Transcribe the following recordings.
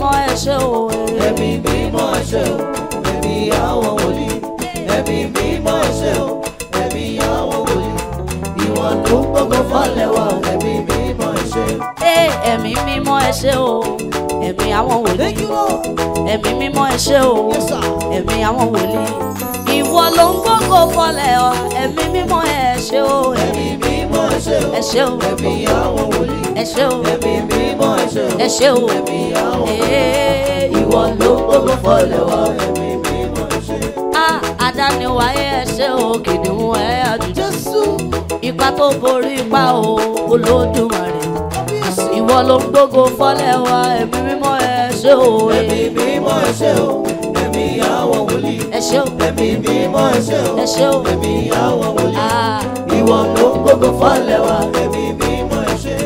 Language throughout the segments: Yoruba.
mímọ́ ẹ ṣé o. ẹ̀mí mímọ́ ẹ ṣé o ẹ̀mí àwọn wòlíì ẹ̀mí mímọ́ ẹ ṣé o ẹ̀mí àwọn wòlíì ìwọ ló ń gbọ́gbọ́ fọ́lẹ̀ wá o ẹ̀mí mímọ́ ẹ ṣé. ẹ ẹ̀mí mímọ́ ẹ ṣé o ẹ̀mí àwọn wòlíì ẹ̀mí mímọ́ ẹ ṣé o ẹ̀mí àwọn wòlíì ìwọ ló ń gbọ́gbọ́ wá ẹ̀mí mímọ́ ẹ ṣé o ẹ̀mí mímọ́ mímọ́ ẹ ṣé o ẹ̀mí àwọn wòlíì ẹ ṣé o ẹ̀mí mímọ́ ẹ ṣé o ẹ̀mí àwọn wòlíì ìwọ ló gbogbo fọlẹ̀ wá ẹ̀mí mímọ́ ẹ ṣé. àdániwáyé ẹ ṣé o kìnìún ẹ àjùjọ Jésù ipa tó borí ipa o Olódùmarè ìwọ ló gbogbo fọlẹ̀ wá ẹ̀mí mímọ́ ẹ ṣé o ẹ̀mí mímọ́ ẹ ṣé o ẹ̀mí àwọn wòlíì ẹ ṣé o ẹ̀mí mímọ́ ẹ ṣé o ẹ̀mí àwọn wòlíì wọn ló ń gbogbo fọ́lẹ̀ wá bébí bí mo ṣe.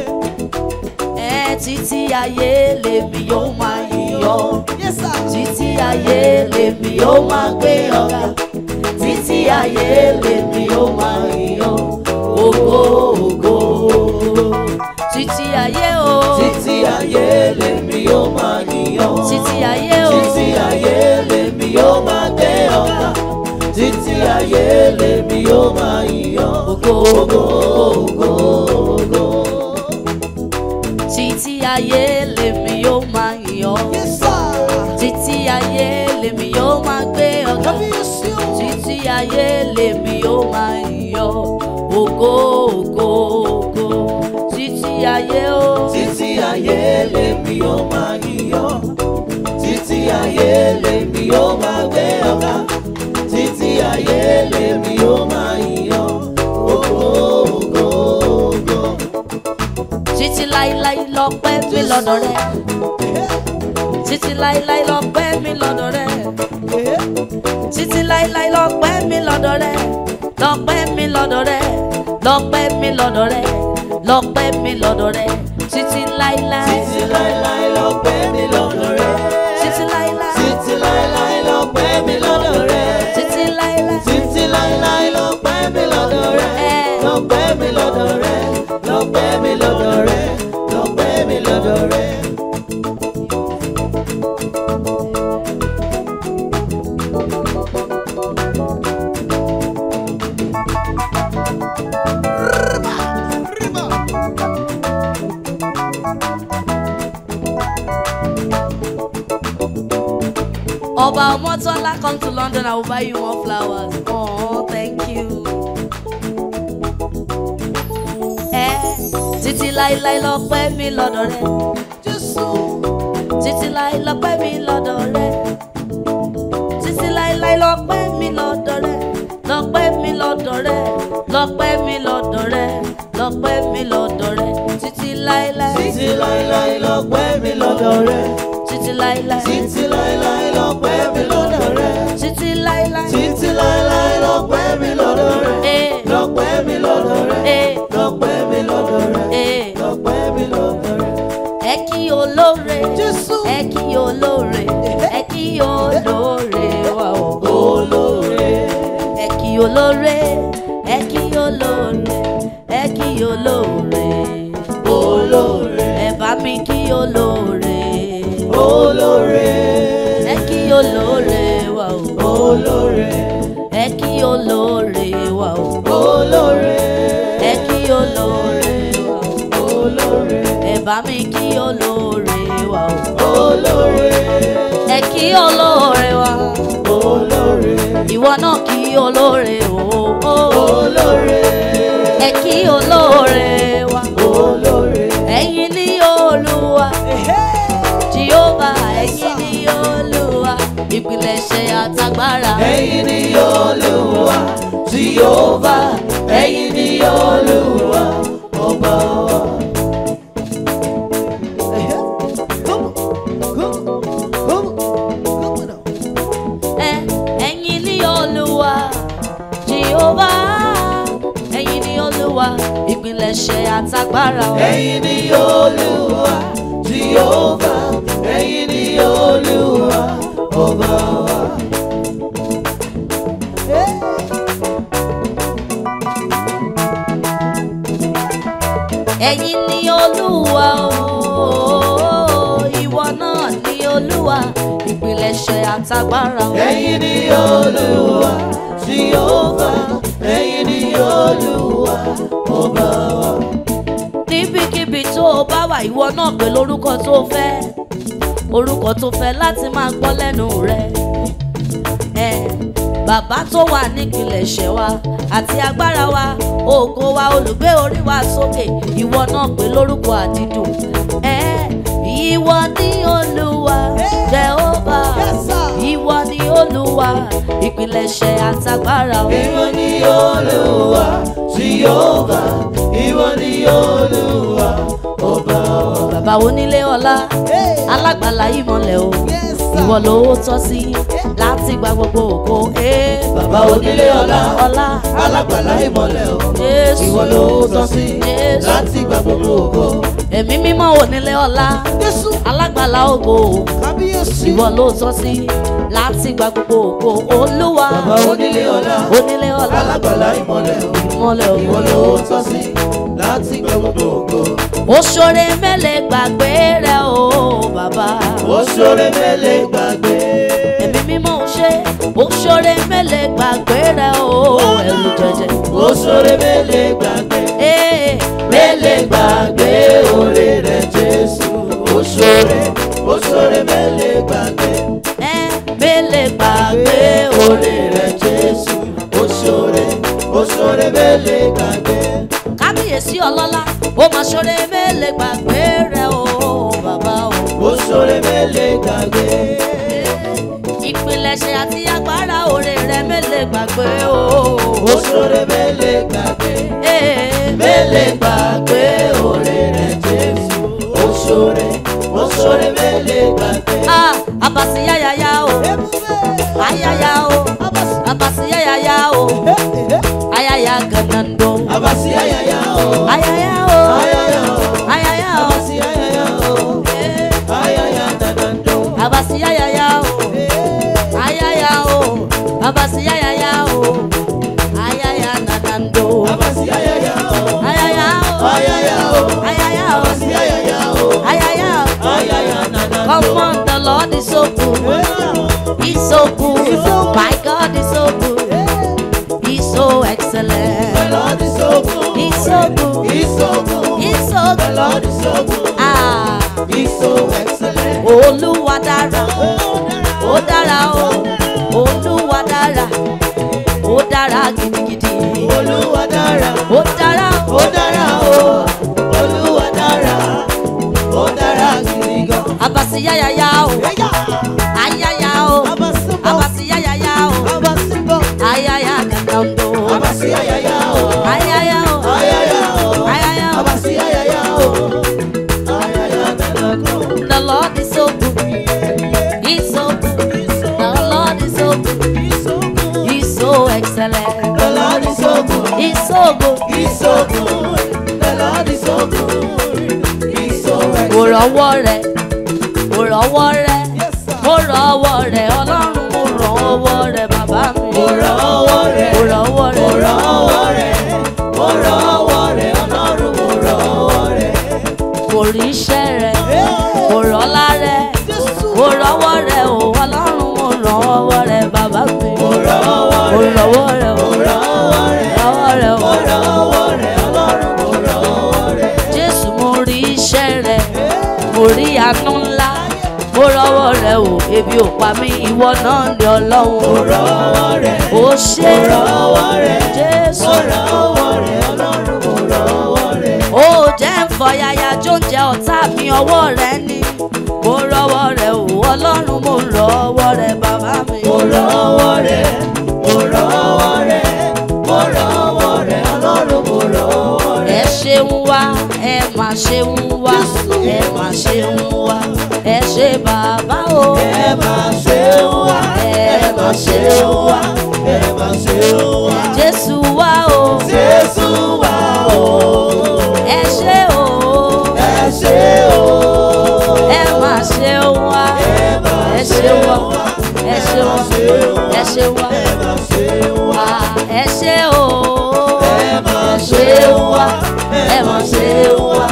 ẹ títí ayé lèmi yóò máa yíyọ títí ayé lèmi yóò máa gbé ọ̀gá títí ayé lèmi yóò máa yíyọ ògo ògo. títí ayé o títí ayé lèmi yóò máa yíyọ títí ayé o títí ayé lèmi yóò máa gbé ọ̀gá títí ayé lèmi ògo ògo ògo títí ayé lèmi yóò máa yìn ọ́ títí ayé lèmi yóò máa gbé ọ̀gá títí ayé lèmi yóò máa yìn ọ́ ògo ògo ògo títí ayé o títí ayé lèmi yóò máa yìn ọ́ títí ayé lèmi yóò máa gbé. láíláí lọ́pẹ́ mi lọ́dọ̀ rẹ títí láíláí lọ́pẹ́ mi lọ́dọ̀ rẹ títí láíláí lọ́pẹ́ mi lọ́dọ̀ rẹ lọ́pẹ́ mi lọ́dọ̀ rẹ lọ́pẹ́ mi lọ́dọ̀ rẹ lọ́pẹ́ mi lọ́dọ̀ rẹ títí láíláí títí láíláí lọ́pẹ́ mi lọ́dọ̀ rẹ. come to London, I will buy you more flowers. Oh, thank you. Eh, títí láíláí lọ́pẹ́ mi lọ́dọ̀ rẹ. Títí láí lọ́pẹ́ mi lọ́dọ̀ rẹ. Títí láíláí lọ́pẹ́ mi lọ́dọ̀ rẹ. Lọ́pẹ́ mi lọ́dọ̀ rẹ. Lọ́pẹ́ mi lọ́dọ̀ rẹ. Lọ́pẹ́ mi lọ́dọ̀ rẹ. Títí láíláí. Títí láíláí lọ́pẹ́ mi lọ́dọ̀ rẹ. Títí láíláí. Títí láíláí. olóore ẹ kí olóore ẹ kí olóore olóore ẹ bá mi kí olóore olóore ẹ kí olóore wa o olóore ẹ kí olóore wa o olóore ẹ kí olóore wa o olóore ẹ bá mi kí olóore wa o olóore ẹ kí olóore wa o olóore ìwọ náà kí olóore o. olóore. ẹ kí olóore wa. olóore. ẹ̀yin ni olúwa. Jèhófà ẹ̀yin ni olúwa. ìpilẹ̀ṣẹ̀ àtàgbára. ẹ̀yin ni olúwa. Jèhófà ẹ̀yin ni olúwa. ọba. àtagbára o. ẹ̀yin ni olúwa jehova ẹ̀yin ni olúwa ọba wa. ẹ̀yin ni olúwa o ìwọ náà ni olúwa ìpilẹ̀ṣẹ̀ àtagbára o. ẹ̀yin ni olúwa jehova ẹ̀yin ni olúwa ọba wa níbikíbi tó o bá wà ìwọ náà pè lórúkọ tó fẹ́ orúkọ tó fẹ́ láti máa gbọ́ lẹ́nu rẹ bàbá tó wà nípìnlẹ̀ṣẹ̀ wa àti agbára wa ògo wa olùgbé orí wa sókè ìwọ náà pè lórúkọ àdídùn ìwọ ní olùkọ́. wa ìpilẹ̀ṣẹ̀ àtagbára wa. ìwọ ni Olúwa tí yóò bá ìwọ ni Olúwa ọba bàbá onílé ọlá alágbàlá ìmọ̀lẹ̀ o ìwọ ló tọ́ sí láti gba gbogbo ògo ee bàbá onílé ọlá alágbàlá ìmọ̀lẹ̀ o ìwọ ló tọ́ sí láti gba gbogbo ògo ẹ̀mí mímọ́ onílé ọlá alágbàlá ògo ìwọ ló tọ́ sí láti gba gbogbo ògo olúwa bàbá onílé ọlá onílé ọlá alágbàlá ìmọ̀lẹ̀ o ìwọ ló tọ́ sí láti gbà gbogbo ògo. ó ṣoore mẹ́lẹ̀ gbàgbé rẹ̀ o bàbá. ó ṣoore mẹ́lẹ̀ gbàgbé. ẹ̀mí mímọ́ ń ṣe ó ṣoore mẹ́lẹ̀ gbàgbé rẹ̀ o ẹ̀rù jẹjẹ. ó ṣoore mẹ́lẹ̀ gbàgbé. Eh, mẹ́lẹ̀ gbàgbé oore rẹ̀ Jésù. ó ṣoore ó ṣoore mẹ́lẹ̀ gbàgbé. Eh, mẹ́lẹ̀ gbàgbé oore rẹ̀ Jésù. ó ṣoore ó ṣoore mẹ́lẹ̀ gbàgbé kábíyèsí ọlọ́lá ó máa ṣoore mélèé gbàgbé rẹ̀ o bàbá o. ó ṣoore mélèé gbàgbé. ìpilẹ̀ṣẹ̀ àti agbára òrè rẹ̀ mélèé gbàgbé o. ó ṣoore mélèé gbàgbé. Eh. mélèé gbàgbé òrè rẹ̀ jésù ó ṣoore ó ṣoore mélèé gbàgbé. àbàsí yáyáyá o ayáyá o àbàsí yáyáyá o eh, eh, ayáyá gàdàndó. àbàsí yáyáyá. Come on, the Lord is so good. He's so good. He's so good. good. The Lord is so good. Ah. He's so excellent. Oh, oh, Olúwa dára. Oh, dára o. Olúwa dára. Ó dára gidigidi. Olúwa dára. Ó dára. Ó dára o. Olúwa dára. Ó dára gidigan. Abasi yáyáyá o. oh. Isogo, isogo, good. He's isogo. good. The Lord is so good. He's so excellent. Mo rọwọ́ rẹ̀, mo rọwọ́ rẹ̀, mo rọwọ́ rẹ̀, Ọlọ́run mo rọwọ́ rẹ̀ bàbá mi. Mo rọwọ́ rẹ̀, mo rọwọ́ rẹ̀, mo rọwọ́ rẹ̀, mo rọwọ́ rẹ̀, Ọlọ́run mo rọwọ́ rẹ̀. Mo rí iṣẹ́ rẹ̀, mo rẹ̀, mo rẹ̀, Ọlọ́run mo rọwọ́ rẹ̀ bàbá mi. Mo rọwọ́ rẹ̀, mo rẹ̀. àánú ńlá mo rọ́wọ́ rẹ o ebi ò pa mí ìwọ náà lé ọlọ́run mo rọ́wọ́ rẹ o ṣe mo rọ́wọ́ rẹ jésù mo rọ́wọ́ rẹ ọlọ́run mo rọ́wọ́ rẹ o jẹ́ ń fọyàyà jóúnjẹ ọ̀tá mi ọwọ́ rẹ ni mo rọ́wọ́ rẹ o ọlọ́run mo rọ́wọ́ rẹ bàbá mi mo rọ́wọ́ rẹ ṣe ń wá ẹ mà ṣe ń wá ẹ mà ṣe ń wá ẹ ṣe bàbá o. ẹ mà ṣe ń wá ẹ mà ṣe ń wá ẹ mà ṣe ń wá. Jésù wá o. Jésù wá o. ẹ ṣe o. ẹ ṣe o. ẹ mà ṣe ń wá ẹ ṣe wá ẹ ṣe wá ẹ ṣe wá ẹ ṣe o ṣe wá ẹ máa ṣe wá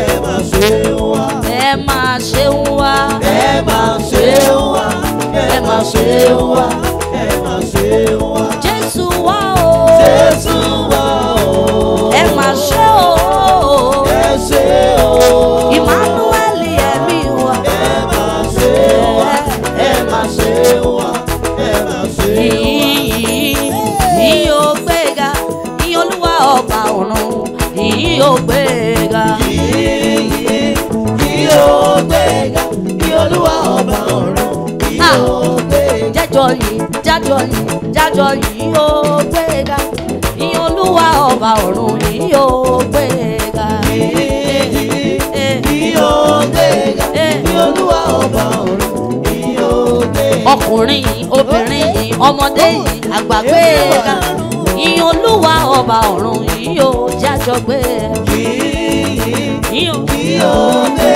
ẹ máa ṣe wá ẹ máa ṣe wá ẹ máa ṣe wá ẹ máa ṣe wá ẹ máa ṣe wá. Jésù wá o Jésù wá o ẹ máa ṣe o ẹ ṣe o. dùnú yìí ó gbéga. yìí yìí ó gbéga ní olúwa ọba ọ̀run yìí ó gbéga. jájọ yìí jájọ yìí jájọ yìí ó gbéga ní olúwa ọba ọ̀run yìí ó gbéga. yìí yìí ó gbéga ní eh, eh. olúwa ọba ọ̀run yìí ó gbéga. ọkùnrin yìí obìnrin yìí ọmọdé yìí àgbà gbéga ìyìn olúwa ọba ọ̀run ṣọgbẹ́. yìí yìí òde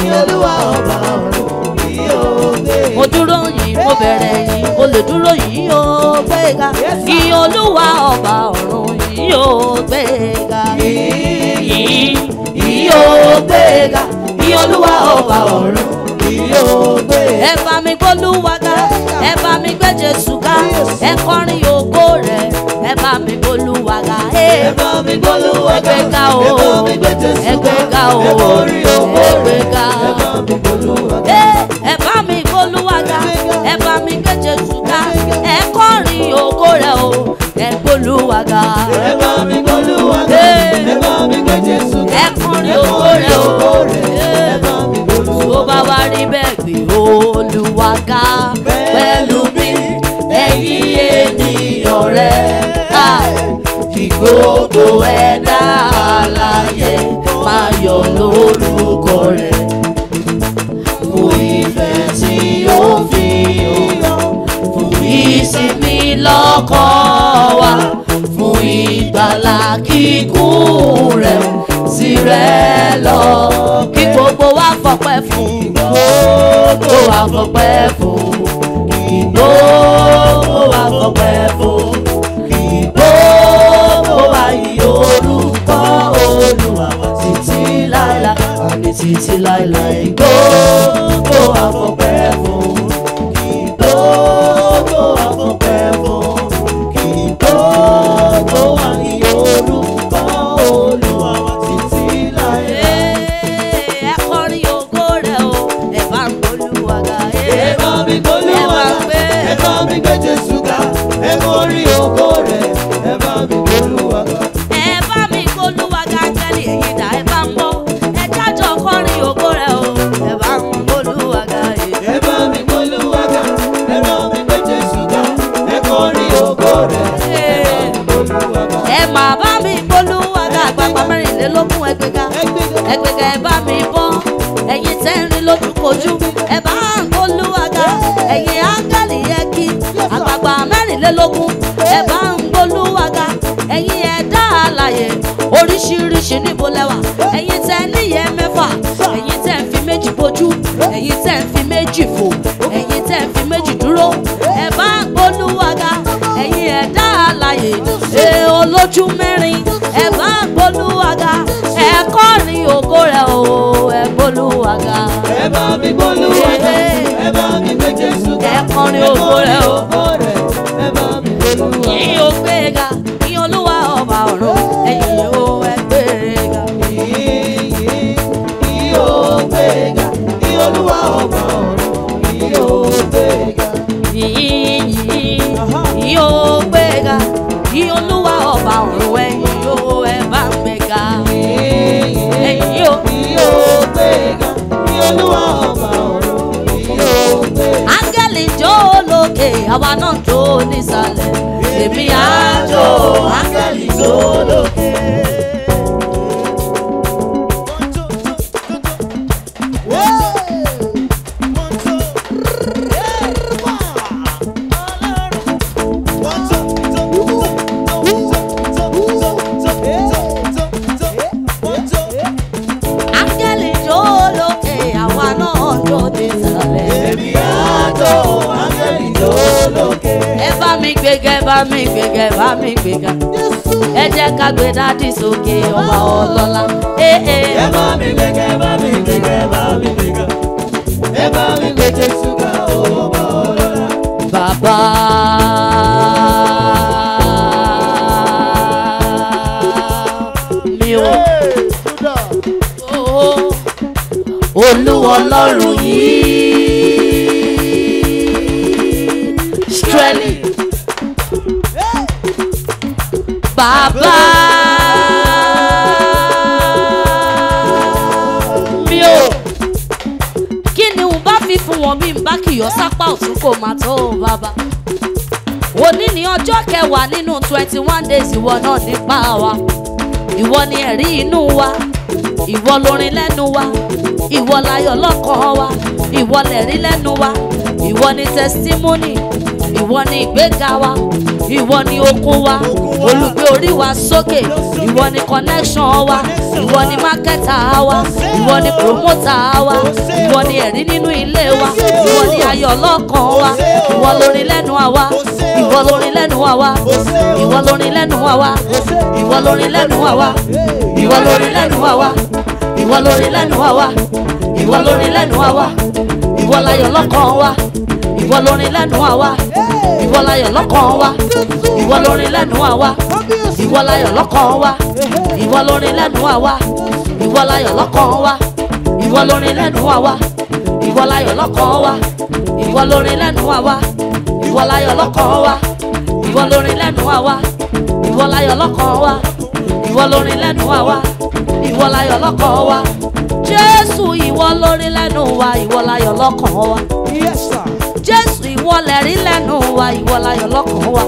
ní olúwa ọba ọ̀run yìí òde. mo dúró yìí mo bẹ̀rẹ̀ yìí mo lè dúró yìí ó gbéga kí olúwa ọba ọ̀run yìí ó gbéga. yìí yìí ó gbéga kí olúwa ọba ọ̀run yìí ó gbéga. ẹ bá mi gbólúwa ẹ bá mi gbé Jésù ká ẹ kọrin ògo rẹ̀ ẹ bá mi gbólúwa ga ẹ bá mi gbólúwa ga ẹ bá mi gbé Jésù ká ẹ kọrin ògo rẹ̀ ẹ bá mi gbólúwa ga ẹ bá mi gbólúwa ga ẹ mi gbé Jésù ká ẹ kọrin ògo rẹ̀ o ẹ gbólúwa ga ẹ bá mi gbólúwa ga ẹ bá mi gbé Jésù ká ẹ kọrin ògo rẹ̀ o. rẹ ìgbòho ẹ̀dá alààyè máa yọ lórúkọ rẹ fún ìfẹ́ tí ó fi hàn fún ìsinmi lọ́kàn wa fún ìgbàlà kíkún rẹ tirẹ̀ lọ. kí gbogbo wa fọpẹ́ fún. gbogbo wa fọpẹ́ fún. gbogbo wa fọpẹ́ fún. orúkọ olúwa títí láìláì àní títí láìláì gbogbo àfọ̀pẹ́ fún. bàbá. mi ò kí ni n bá fi fún wọn mi n bá kìyọ sápá ọ̀tún kò má tó o bàbá. òní ni ọjọ́ kẹwàá nínú twenty one days ìwọ náà nípa wa ìwọ ni ẹ̀rí inú wa ìwọ lórin lẹ́nu wa ìwọ láyọ̀ lọ́kàn wa ìwọ lẹ̀rí lẹ́nu wa ìwọ ni testimony ìwọ ni ìgbéga wa ìwọ ni okun wa olùgbé orí wa sókè ìwọ ni connection wa ìwọ ni marketer wa ìwọ ni promoter wa ìwọ ni ẹ̀rí nínú ilé wa ìwọ ni ayọ̀ ọlọ́kan wa ìwọ lórin lẹ́nu àwa ìwọ lórin lẹ́nu àwa ìwọ lórin lẹ́nu àwa ìwọ lórin lẹ́nu àwa ìwọ lórin lẹ́nu àwa ìwọ lórin lẹ́nu àwa ìwọ lórin lẹ́nu àwa ìwọ láyọ̀ lọ́kàn wa ìwọ lórin lẹ́nu àwa ìwọ láyọ̀ lọ́kàn wa ìwọ lórin lẹ́nu àwa ìwọ láyọ̀ lọ́kàn wa ìwọ lórin lẹ́nu àwa ìwọ láyọ̀ lọ́kàn wa ìwọ lórin lẹ́nu àwa ìwọ láyọ̀ lọ́kàn wa ìwọ lórin lẹ́nu àwa ìwọ láyọ̀ lọ́kàn wa ìwọ lórin lẹ́nu àwa ìwọ láyọ̀ lọ́kàn wa ìwọ lórin lẹ́nu àwa ìwọ láyọ̀ lọ́kàn wa jésù ìwọ lórin lẹ́nu wa ìwọ láyọ̀ lọ́kàn wa. Yes, sir jésù ìwọ lẹ̀rí lẹ́nu wa ìwọ láyọ̀ lọ́kàn wa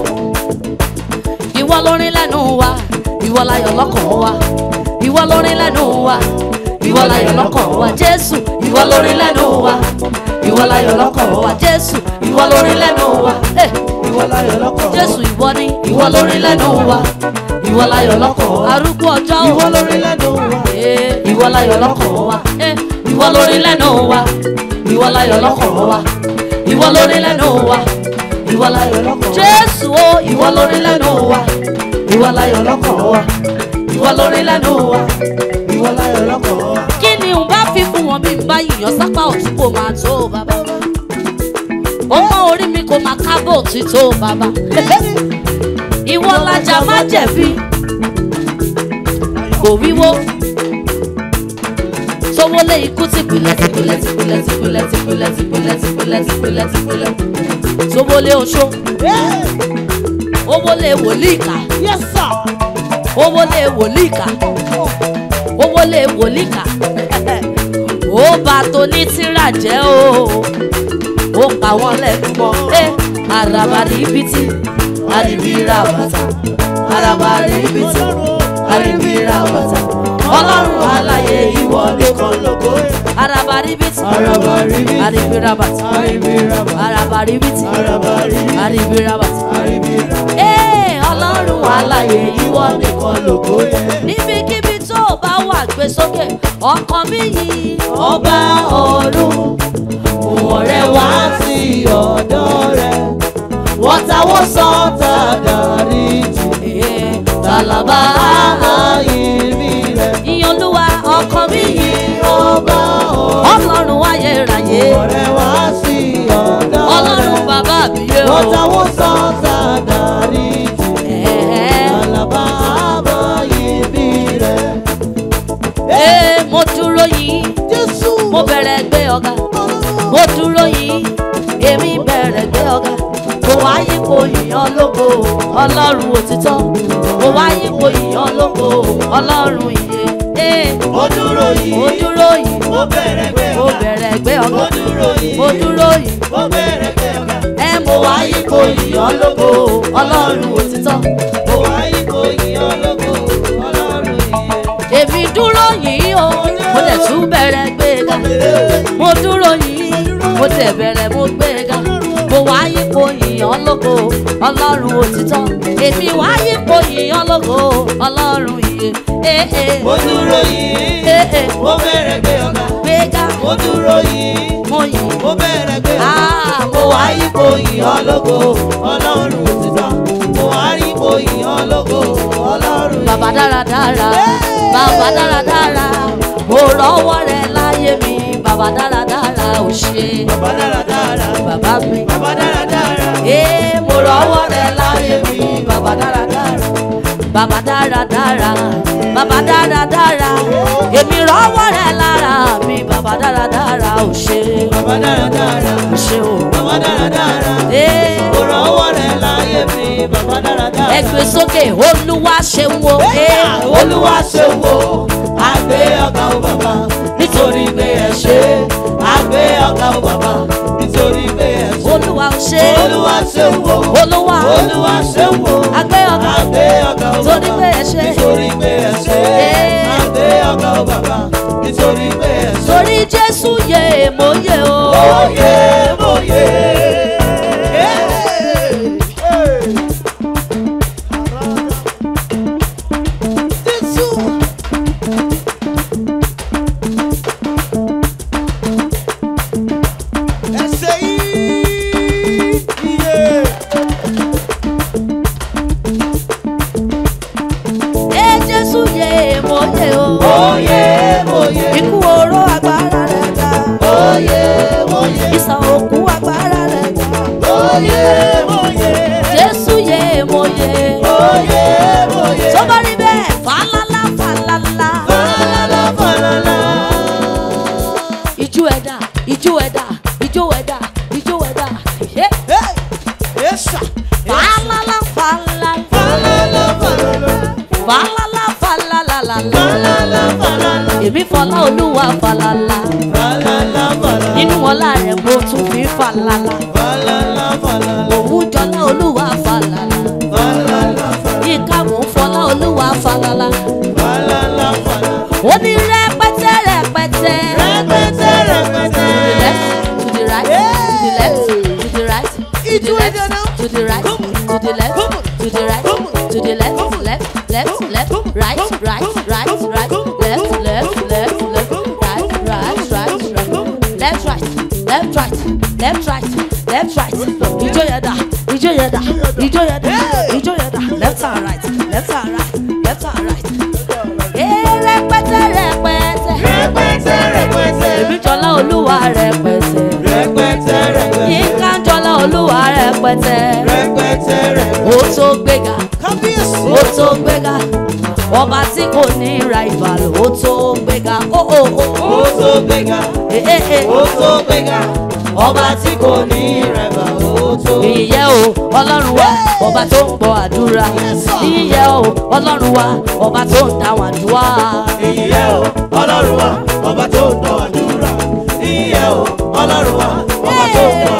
ìwọ lórin lẹ́nu wa ìwọ láyọ̀ lọ́kàn wa ìwọ lórin lẹ́nu wa ìwọ láyọ̀ lọ́kàn wa jésù ìwọ lórin lẹ́nu wa ìwọ láyọ̀ lọ́kàn wa jésù ìwọ lórin lẹ́nu wa eh, ìwọ láyọ̀ lọ́kàn wa jésù ìwọ ni ìwọ lórin lẹ́nu wa ìwọ láyọ̀ lọ́kàn wa arúgbó ọjọ́ ìwọ lórin eh, eh, lẹ́nu wa ìwọ láyọ̀ lọ́kàn wa ìwọ lórin lẹ́nu wa ìwọ láyọ̀ lọ́kàn wa ìwọ lórí lẹ́nu wa ìwọ láyọ̀ lọ́kàn wa jésù o ìwọ lórí lẹ́nu wa ìwọ láyọ̀ lọ́kàn wa ìwọ lórí lẹ́nu wa ìwọ láyọ̀ lọ́kàn wa. kí ni n bá fi fún wọn bí n bá yìnyín sápá òtún kò máa tó bàbá ọmọ orí mi kò máa kábọ̀ òtítọ́ bàbá ìwọ lajà má jẹ̀bi kò wíwó lọ́wọ́ lé ikú tìpìlẹ̀ tìpìlẹ̀ tìpìlẹ̀ tìpìlẹ̀ tìpìlẹ̀ tìpìlẹ̀ tìpìlẹ̀ tìpìlẹ̀ tìpìlẹ̀ sówó lé oṣó owó lé wòlíì kà owó lé wòlíì kà owó lé wòlíì kà ó bá tóní tíra jẹ́ o ó pa wọ́n lẹ́kọ̀ọ́ ẹ́ àràbàrí bìtì àríbí ra bàtà àràbàrí bìtì àríbí ra bàtà ọlọ́run aláyé ìwọ nìkan lógo. araba ribiti araba ribiti aribi rabati aribi rabati araba ribiti araba ribiti aribi rabati aribi rabati. ee eh, ọlọ́run aláyé ìwọ nìkan lógo. níbikíbi tó o bá wà gbé sókè ọkàn mi yìí ọba ọ̀run òun rẹ̀ wá sí ọ̀dọ̀ rẹ̀ wọ́n táwọn sọ́ọ́ tá a dárí jù. Eh, tàlàbà ọkọ mi yìí ọba ọ̀run ọlọ́run ayérayé ọ̀rẹ́ wá sí ọ̀dọ̀ rẹ̀ ọlọ́run bàbá mi yé o ọ̀tàwọ́ sọ sàgárì jù àlàbà àbọ̀ ibi rẹ̀. ee mo dúró yìí jésù mo bẹ̀rẹ̀ gbé ọ̀gá mo dúró yìí èmi bẹ̀rẹ̀ gbé ọ̀gá mo wáyé kò yìnyán lógo ọlọ́run òtítọ́ mo wáyé kò yìnyán lógo ọlọ́run ìyè ó dúró yìí ó dúró yìí ó bẹ̀rẹ̀ gbé ọ̀gá ó bẹ̀rẹ̀ gbé ọ̀gá ó dúró yìí ó dúró yìí ó bẹ̀rẹ̀ gbé ọ̀gá ẹ mo wá ipò yìí ọlọ́gbọ́ ọlọ́run òtítọ́ mo wá ipò yìí ọlọ́gbọ́ ọlọ́run ìyẹn. èmi dúró yìí o mo tẹ̀ tún bẹ̀rẹ̀ gbé ga mo dúró yìí mo tẹ̀ bẹ̀rẹ̀ mo gbé ga wáyípo yìnyán lógo ọlọ́run òtítọ́ èmi wáyípo yìnyán lógo ọlọ́run iye. Eh, eh. mo dúró yìí eh, mo bẹ̀rẹ̀ gbé ọ̀gá mo dúró yìí mo yìn mo bẹ̀rẹ̀ gbé ọ̀gá ah, mo wáyípo yìnyán lógo ọlọ́run òtítọ́ mo wáyípo yìnyán lógo ọlọ́run iye. bàbá dáradára bàbá dáradára mo rọ́wọ́ rẹ láyé mi bàbá dáradára ṣe. bàbá dáradára. bàbá mi. bàbá dáradára. ee mo rọwọ́ rẹ láyé mi. bàbá dáradára. bàbá dáradára. bàbá dáradára. èmi rọwọ́ rẹ lára mi. bàbá dáradára ò ṣe. bàbá dáradára. ò ṣe o. bàbá dáradára. ee mo rọwọ́ rẹ láyé mi. bàbá dáradára. ẹ gbé sókè olúwa ṣeun o. olúwa ṣeun o àgbé ọ̀gá o bàbá nítorí pé ẹ ṣe àgbé ọ̀gá o bàbá nítorí pé ẹ ṣe. olúwa ò ṣe olúwa ṣe ń wo olúwa olúwa ṣe ń wo àgbé ọ̀gá àgbé ọ̀gá o bàbá nítorí pé ẹ ṣe nítorí pé ẹ ṣe àgbé ọ̀gá o bàbá nítorí pé ẹ ṣe. torí jésù yè mo yè o. mo yè mo yè. ṣèbí fọlá olúwa falala falala nínú ọlá rẹ̀ mo tún fi falala falala falala. òun jọlá olúwa falala falala falala. Ika ń fọlá olúwa falala falala ní rẹpẹtẹ rẹpẹtẹ rẹpẹtẹ rẹpẹtẹ to the left to the left to the right to the left to the right to the left to the right to the left to the right, to the left left left right right right right. left right ijó yẹn dà ijó yẹn dà ijó yẹn dà ijó yẹn dà left and right left and right left right. rẹpẹtẹ rẹpẹtẹ rẹpẹtẹ rẹpẹtẹ èmi jọlá olúwa rẹpẹtẹ rẹpẹtẹ rẹpẹtẹ yínká jọlá olúwa rẹpẹtẹ rẹpẹtẹ rẹpẹtẹ ó tó gbéga ó tó gbéga ọba tí kò ní rival ó tó gbéga ó ó ó. ó tó gbéga eh, eh, eh. ó tó gbéga ọba tí kò ní rival ó tó. ìyẹ́ o ọlọ́run wa ọba tó ń gbọ́ àdúrà ìyẹ́ o ọlọ́run wa ọba tó ń dáwọn àdúrà. ìyẹ́ o ọlọ́run wa ọba tó ń dáwọn àdúrà ìyẹ́ o ọlọ́run wa ọba tó ń dáwọn àdúrà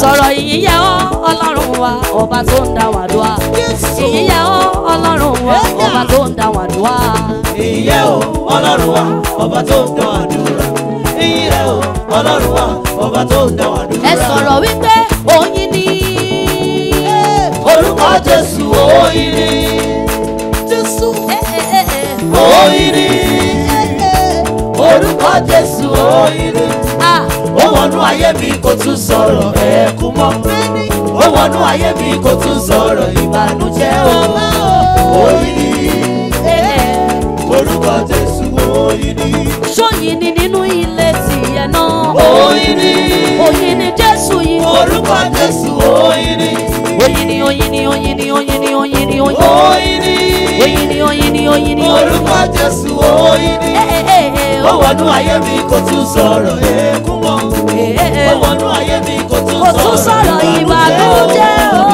sọ̀rọ̀ ìyíyẹ ọ́ ọlọ́run wa ọba tó ń dá wa dúà ìyíyẹ ọ́ ọlọ́run wa ọba tó ń dá wa dúà. ìyíyẹ ọ́ ọlọ́run wa ọba tó ń dá wa dúrà ìyíyẹ ọ́ ọlọ́run wa ọba tó ń dá wa dúrà. ẹ sọ̀rọ̀ wípé oyin ni orúkọ jésù oyin ni jésù oyin ni orúkọ jésù oyin ni ó wọnú ayé mi kò tún sọ̀rọ̀ ẹ̀ẹ́kú mọ́ ó wọnú ayé mi kò tún sọ̀rọ̀ ìbànújẹ́ o oyin ni orúkọ Jésù oyin ni. sóyin ni nínú ilé tìyẹ náà. oyin ni oyin ni Jésù yìí. orúkọ Jésù oyin ni. oyin ni oyin ni oyin ni oyin ni oyin ni oyin. oyin ni oyin ni oyin ni oyin ni. orúkọ Jésù oyin ni. Eh, eh, eh, oh. ó wọnú ayé mi kò tún sọ̀rọ̀ ẹ̀ẹ́kú pé ó wọnú sọ̀rọ̀ ìbànújẹ́ o.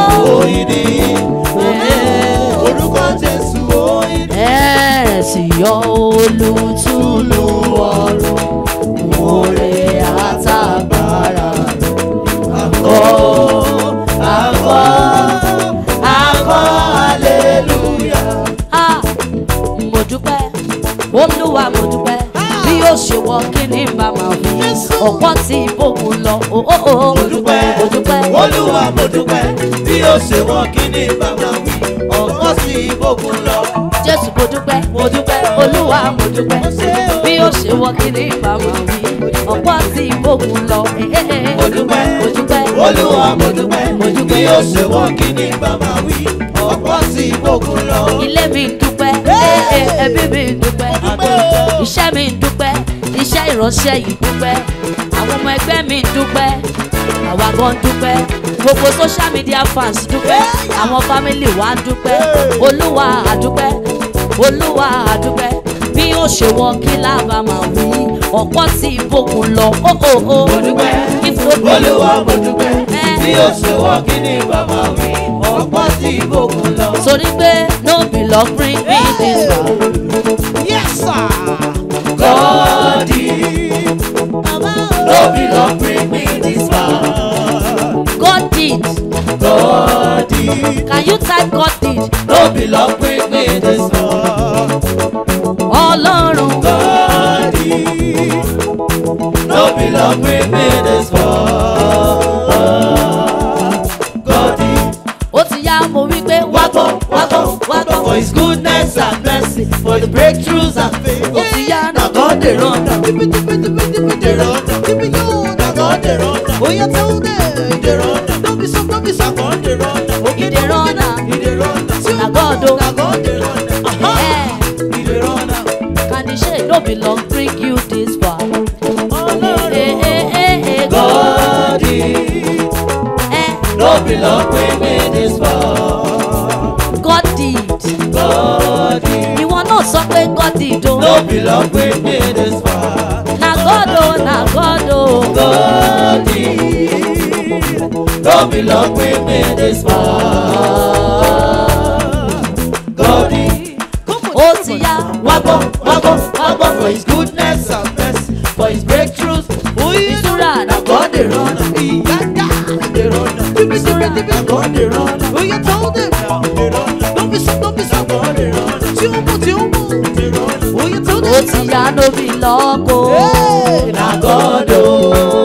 òṣèwọ̀ kí ni bàbá wí ọ̀pọ̀ tí ìbòkun lọ òhòhò oh, oh, oh. mo dúpẹ́ mo dúpẹ́ olúwa mo dúpẹ́ bí òṣèwọ̀ kí ni bàbá wí ọ̀pọ̀ tí ìbòkun lọ. jésù mo dúpẹ́ mo dúpẹ́ olúwa mo dúpẹ́ bí òṣèwọ̀ kí ni bàbá wí ọ̀pọ̀ tí ìbòkun lọ eh, eh, eh. mo dúpẹ́ mo dúpẹ́ olúwa mo dúpẹ́ bí òṣèwọ̀ kí ni bàbá wí ọ̀pọ̀ tí ìbòkun lọ. ilé mi dùn ẹbí mi ń dúpẹ́ iṣẹ́ mi ń dúpẹ́ iṣẹ́ ìránṣẹ́ yìí dúpẹ́ àwọn ọmọ ẹgbẹ́ mi dúpẹ́ àwa gan dúpẹ́ gbogbo social media fans dúpẹ́ àwọn family wa dúpẹ́ olúwa àdúpẹ́ olúwa àdúpẹ́ bí ó ṣe wọ kí lábàá máa wí ọ̀pọ̀ tí ìbòkun lọ ó ó ó. mo dúpẹ́ olúwa mo dúpẹ́ bí ó ṣe wọ kí ni bàbá mi ti bókun lọ. Torí pé no be love, bring me this far. Yes sir. God did. No oh. be love, bring me this far. God did. God did. Can you type God did? No be love, bring me this far. Ọlọ́run. God did. No be love, bring me this far. for the breakthroughs I faith. Otiya na God dey run it, Tipi it, tipi it, dey run am. it, yo na God dey run am. Oya tell dem dey run am. No be so no be so God dey run am. Oge dey run am. He dey run am. Na God o. Oh. Na God dey run am. He dey run am. Can the shade no be long bring you? no belong with me this far. Na God oh, na God oh. God is, no belong with me this far. no be love o. Na God o.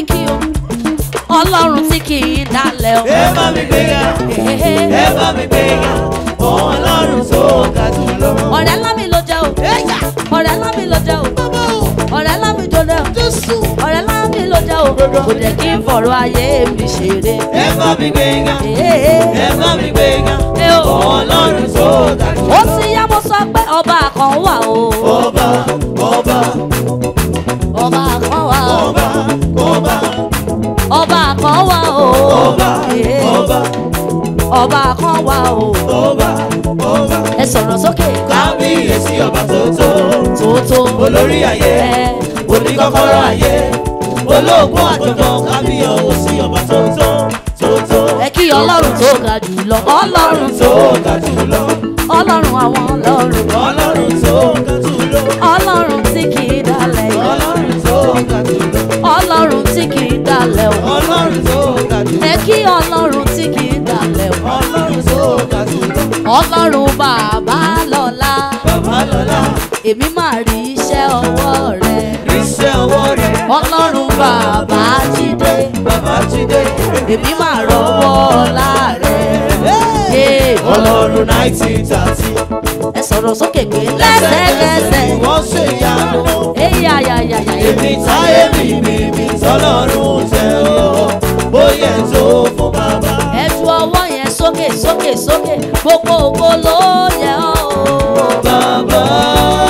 mi kí o ọlọ́run tí kì í dalẹ̀ o. ẹ bá mi gbé ga ẹ bá mi gbé ga ọlọ́run tó ga jù lọ. ọ̀rẹ́ lámì ló jẹ́ o ọ̀rẹ́ lámì ló jẹ́ o ọ̀rẹ́ lámì ló jẹ́ o ọ̀rẹ́ lámì ló jẹ́ o kò jẹ́ kí n fọ̀rọ̀ ayé mi ṣeré. ẹ bá mi gbé ga ẹ bá mi gbé ga ọlọ́run tó ga jù lọ. ó sì yá mo sọ pé ọba kan o. ọba ọba. ọba ọba ọba kan wa o ọba ọba ẹ sọ̀rọ̀ sókè. kábíyèsí ọba tótó tótó olórí ayé oníkọ́kọ́rọ́ ayé olóògùn àjọ̀dọ̀ kábíyèsí ọba tótó tótó. ẹ kí ọlọ́run tó ga jùlọ ọlọ́run tó ga jùlọ ọlọ́run àwọn ọlọ́run ọlọ́run tó ga jùlọ. kí ọlọ́run tí kì í dalẹ̀ wá. ọlọ́run tó ga sí lọ. ọlọ́run bàbá lọ́lá. bàbá lọ́lá. èmi máa rí iṣẹ́ ọwọ́ rẹ. iṣẹ́ ọwọ́ rẹ. ọlọ́run bàbá jíde. bàbá jíde. èmi máa rọwọ́ ọlá rẹ. ọlọ́run náìtì tààtì. ẹ sọ̀rọ̀ sókè pé lẹ́sẹ̀kẹsẹ̀. wọ́n ṣe ìyanu. èyí àyàyàyà. èmi táyé mi mi mi sọlọ́run tẹ̀ ọ́ bóyá ẹ̀ tó fún bàbá. ẹ ju ọwọ́ yẹn sókè sókè sókè gbogbo ògo ló yẹ ọ́. bàbá.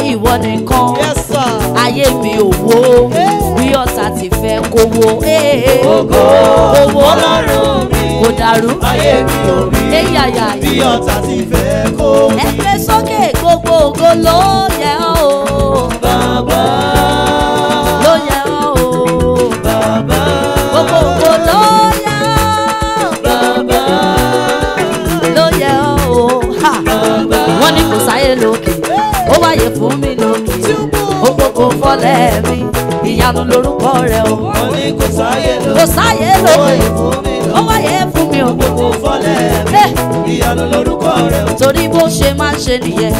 ìwọ nìkan ayé mi ò wó bí ọ̀tá ti fẹ́ kówó ògo owó ọlọ́run mi kò dàrú ayé mi ò rí bí ọ̀tá ti fẹ́ kówó. ẹ gbé sókè gbogbo ògo ló yẹ ọ́ o. bàbá. ló yẹ ọ́ o. bàbá. gbogbo ògo ló yẹ ọ́. bàbá. ló yẹ ọ́ o. wọ́n ní kò sáyé lókè ó wáyé fún mi lókè ó kókó fọ́lẹ́ mi ìyanu lórúkọ rẹ o. wọ́n ní kò sáyé lókè kò sáyé lókè ó wáyé fún mi ó kókó fọ́lẹ́ mi eh. ìyanu lórúkọ rẹ o. torí bó ṣe máa ń ṣe nìyẹn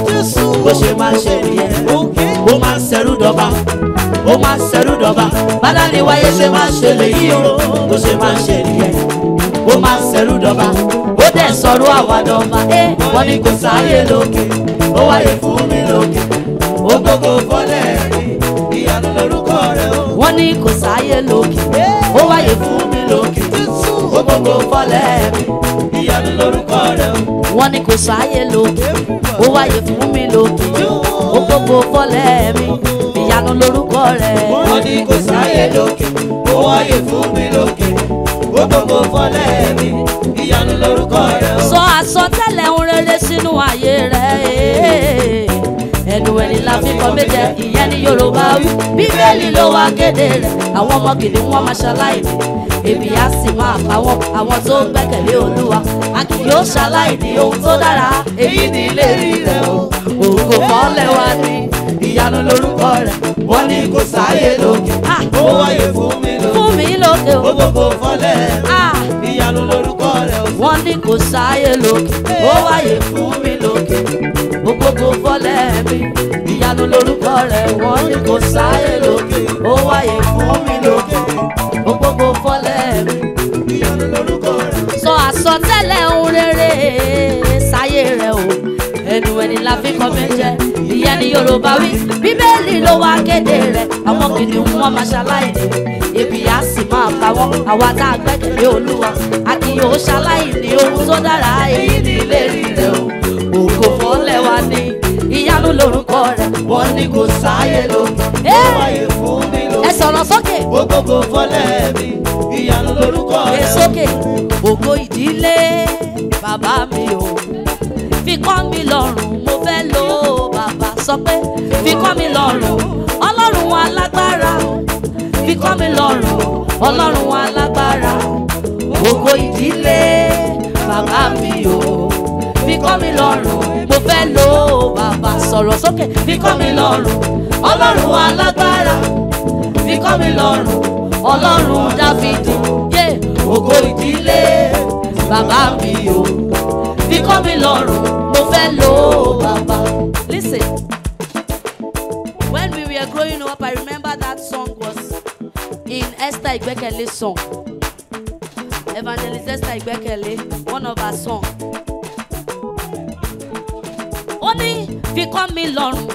bó ṣe máa ń ṣe nìyẹn ó máa ń ṣẹrú dọ́ba ó máa ń ṣẹrú dọ́ba bádàrí wáyé ṣe máa ń ṣe lèyí o bó ṣe máa ń ṣe nìyẹn ó máa ń ṣẹrú dọ́ba ó dẹ̀ sọ̀rọ̀ àwa dọ́ba eh. wọ́n ní kò sáyé lókè ó wáyé fún mi lókè ògógó fọlẹ̀ rí ìyanu lórúkọ rẹ̀ o. wọ́n ní kò sáyé lókè ó wáyé fún mi lókè ògógó fọlẹ̀ rí ìyanu lórúkọ rẹ̀ o. wọ́n ní kò sáyé lókè ó wáyé fún mi lókè ògógó fọlẹ̀ mi ìyanu lórúkọ rẹ̀. wọ́n ní kò sáyé lókè ó wáyé fún mi lókè ògógó fọlẹ̀ mi ìyanu lórúkọ rẹ̀ o. sọ àsọtẹ́lẹ̀ nínú ayé rẹ̀ ẹnu ẹni la fi kọ méje ìyẹn ní Yorùbá wí Bíbélì ló wá kéde rẹ̀ àwọn ọmọ kìlì wọn máa ṣaláìní èmi á sì máa pa wọn àwọn tó ń gbẹ́kẹ̀lé Olúwa a kì yóò ṣaláìní ohun tó dára èyí ni ìlérí rẹ̀ o òun kò mọ lẹ́wà ni ìyanu lórúkọ rẹ̀ wọ́n ní kò sáyé lókè ah! ó wáyé fún mi lókè ó gbogbo fọ́lẹ̀ ah! ìyanu lórúkọ rẹ̀ o. wọ́n ní kò sáyé lókè ó wáyé fún mi lókè gbogbogbò fọ́lẹ̀ mi ìyanu lórúkọ rẹ̀ wọ́n ní kò sáyé lókè ó wáyé fún mi lókè gbogbogbò fọ́lẹ̀ mi ìyanu lórúkọ rẹ̀. sọ àsọtẹ́lẹ̀ ohun rere sáyé rẹ̀ o ẹnu ẹni la fi kọ́ méjẹ ìyẹn ni Yorùbá wí bíbélì ló wá kéde rẹ̀ àwọn kìnìún wọn máa ṣaláìní ebi á sì máa pa wọn àwa tá a gbẹ́kẹ̀lé Olúwa èèyàn ó ṣaláìní ohun tó dára èyí ní ìlérí rẹ o ògo fọlẹ́wà ni ìyanu lórúkọ rẹ wọ́n ní kò sáyé ló ó wáyé fún mi ló ẹ sọ̀rọ̀ sókè gbogbogbò fọlẹ́ mi ìyanu lórúkọ rẹ o sókè ògo ìdílé bàbá mi o fi kọ́ mi lọ́rùn mo fẹ́ lò bàbá sọ pé fi kọ́ mi lọ́rùn ọlọ́run alágbára fi kọ́ mi lọ́rùn ọlọ́run alágbára ògo ìdílé bàbá mi o fi kọ́ mi lọ́rùn mo fẹ́ lò ó bàbá sọ̀rọ̀ sókè fi kọ́ mi lọ́rùn ọlọ́run alágbára fi kọ́ mi lọ́rùn ọlọ́run dáfídì yé ògo ìdílé bàbá mi o fi kọ́ mi lọ́rùn mo fẹ́ lò bàbá. listen when we were growing up i remember that song was in esther igbekele song evangelist Esther Ìgbẹ́kẹ̀lé one of her song. ó ní fi kọ́ mi lọ́rùn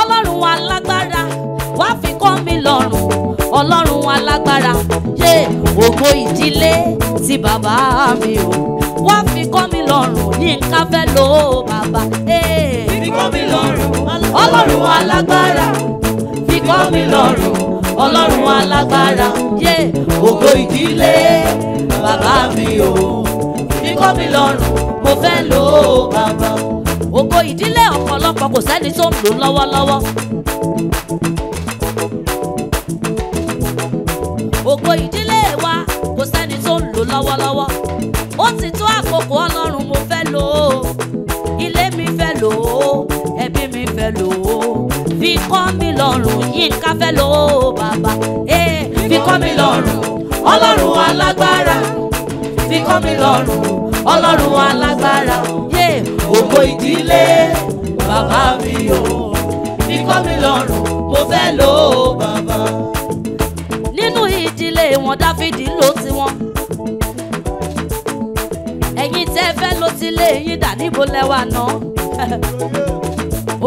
ọlọ́run alágbára wá fi kọ́ mi lọ́rùn ọlọ́run alágbára yé ògo ìdílé ti bàbá mi o wá fi kọ́ mi lọ́rùn Yínká fẹ́ lò ó bàbá. fi kọ́ mi lọ́rùn ọlọ́run alágbára fi kọ́ mi lọ́rùn ọlọ́run alágbára yé ògo ìdílé bàbá mi o kíkọ́ mi lọ́rùn mo fẹ́ lò ó bàbá. ògo ìdílé ọ̀pọ̀lọpọ̀ kò sẹ́ni tó ń lò lọ́wọ́lọ́wọ́. ògo ìdílé wa kò sẹ́ni tó ń lò lọ́wọ́lọ́wọ́. ó ti tó àkókò ọlọ́run mo fẹ́ lò ó ilé mi fẹ́ lò ó ẹbí mi fẹ́ lò ó fi kọ́ mi lọ́rùn Yínká fẹ́ lọ bàbá eh, fi kọ́ mi lọ́rùn ọlọ́run alágbára fi kọ́ mi lọ́rùn ọlọ́run alágbára ògo ìdílé bàbá mi o fi kọ́ mi lọ́rùn mo fẹ́ lọ bàbá. nínú ìdílé wọn Dáfídì ló ti wọn ẹ̀yin tẹ́ fẹ́ ló ti lé yín dà níbo lẹ́wà náà.